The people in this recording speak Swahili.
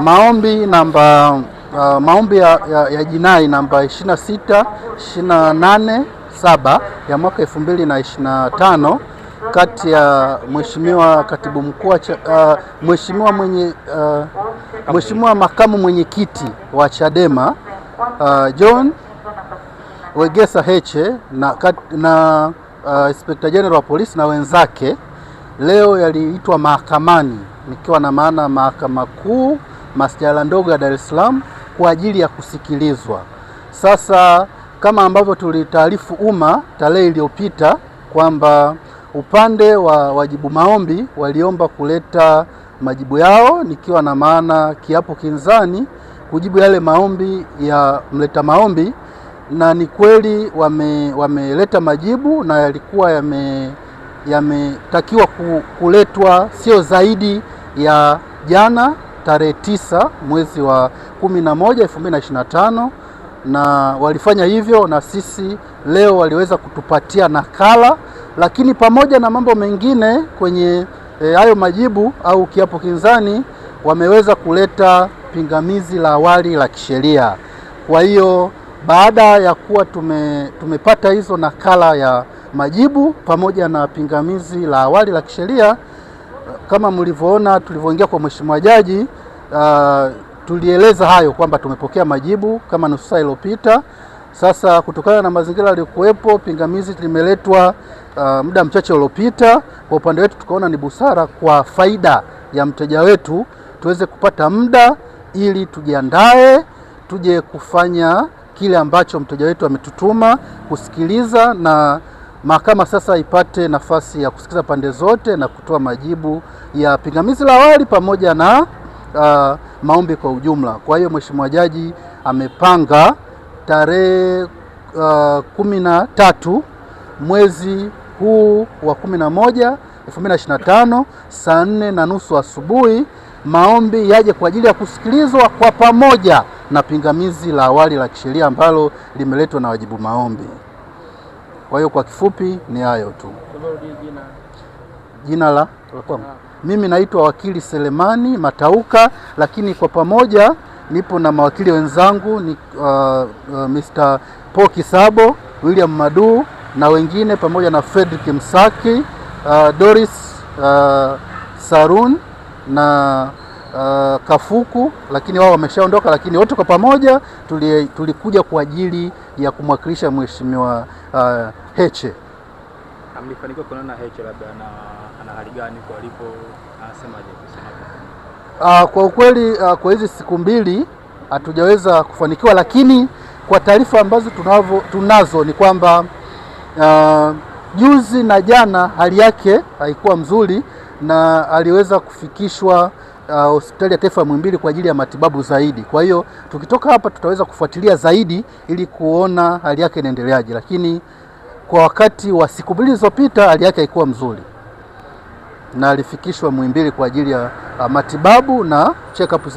Maombi namba uh, maombi ya, ya, ya jinai namba 26 28 7 ya mwaka 2025 kati ya mheshimiwa katibu mkuu uh, mheshimiwa mwenye uh, mheshimiwa makamu mwenyekiti wa Chadema uh, John Wegesa Heche na, kat, na uh, Inspector General wa polisi na wenzake leo yaliitwa mahakamani nikiwa na maana mahakama kuu masjala ndogo ya Dar es Salaam kwa ajili ya kusikilizwa. Sasa kama ambavyo tulitaarifu umma tarehe iliyopita kwamba upande wa wajibu maombi waliomba kuleta majibu yao, nikiwa na maana kiapo kinzani kujibu yale maombi ya mleta maombi, na ni kweli wame wameleta majibu na yalikuwa yame yametakiwa kuletwa sio zaidi ya jana tarehe tisa mwezi wa 11 2025, na walifanya hivyo na sisi leo waliweza kutupatia nakala, lakini pamoja na mambo mengine kwenye eh, hayo e, majibu au kiapo kinzani wameweza kuleta pingamizi la awali la kisheria. Kwa hiyo baada ya kuwa tume, tumepata hizo nakala ya majibu pamoja na pingamizi la awali la kisheria, kama mlivyoona tulivyoingia kwa mheshimiwa jaji, uh, tulieleza hayo kwamba tumepokea majibu kama nusu saa iliyopita. Sasa kutokana na mazingira yaliyokuwepo, pingamizi limeletwa uh, muda mchache uliopita. Kwa upande wetu tukaona ni busara kwa faida ya mteja wetu tuweze kupata muda ili tujiandae, tuje kufanya kile ambacho mteja wetu ametutuma kusikiliza, na mahakama sasa ipate nafasi ya kusikiliza pande zote na kutoa majibu ya pingamizi la awali pamoja na uh, maombi kwa ujumla. Kwa hiyo mheshimiwa jaji amepanga tarehe uh, kumi na tatu mwezi huu wa kumi na moja 2025 saa nne na nusu asubuhi maombi yaje kwa ajili ya kusikilizwa kwa pamoja na pingamizi la awali la kisheria ambalo limeletwa na wajibu maombi. Kwa hiyo kwa kifupi ni hayo tu jina la kwangu. Mimi naitwa wakili Selemani Matauka, lakini kwa pamoja nipo na mawakili wenzangu ni uh, uh, Mr. Poki Sabo, William Madu na wengine pamoja na Fredrick Msaki, uh, Doris uh, Sarun na uh, Kafuku, lakini wao wameshaondoka, lakini wote kwa pamoja tulikuja kwa ajili ya kumwakilisha Mheshimiwa uh, Heche. Mlifanikiwa kuonana Heche, labda ana hali gani kwa alipo, anasemaje kusema? Ah, kwa ukweli uh, kwa hizi siku mbili hatujaweza kufanikiwa, lakini kwa taarifa ambazo tunavo, tunazo ni kwamba uh, juzi na jana hali yake haikuwa mzuri na aliweza kufikishwa hospitali uh, ya taifa ya Muhimbili kwa ajili ya matibabu zaidi. Kwa hiyo tukitoka hapa tutaweza kufuatilia zaidi ili kuona hali yake inaendeleaje, lakini kwa wakati wa siku mbili zilizopita hali yake haikuwa mzuri na alifikishwa Muhimbili kwa ajili ya uh, matibabu na check up.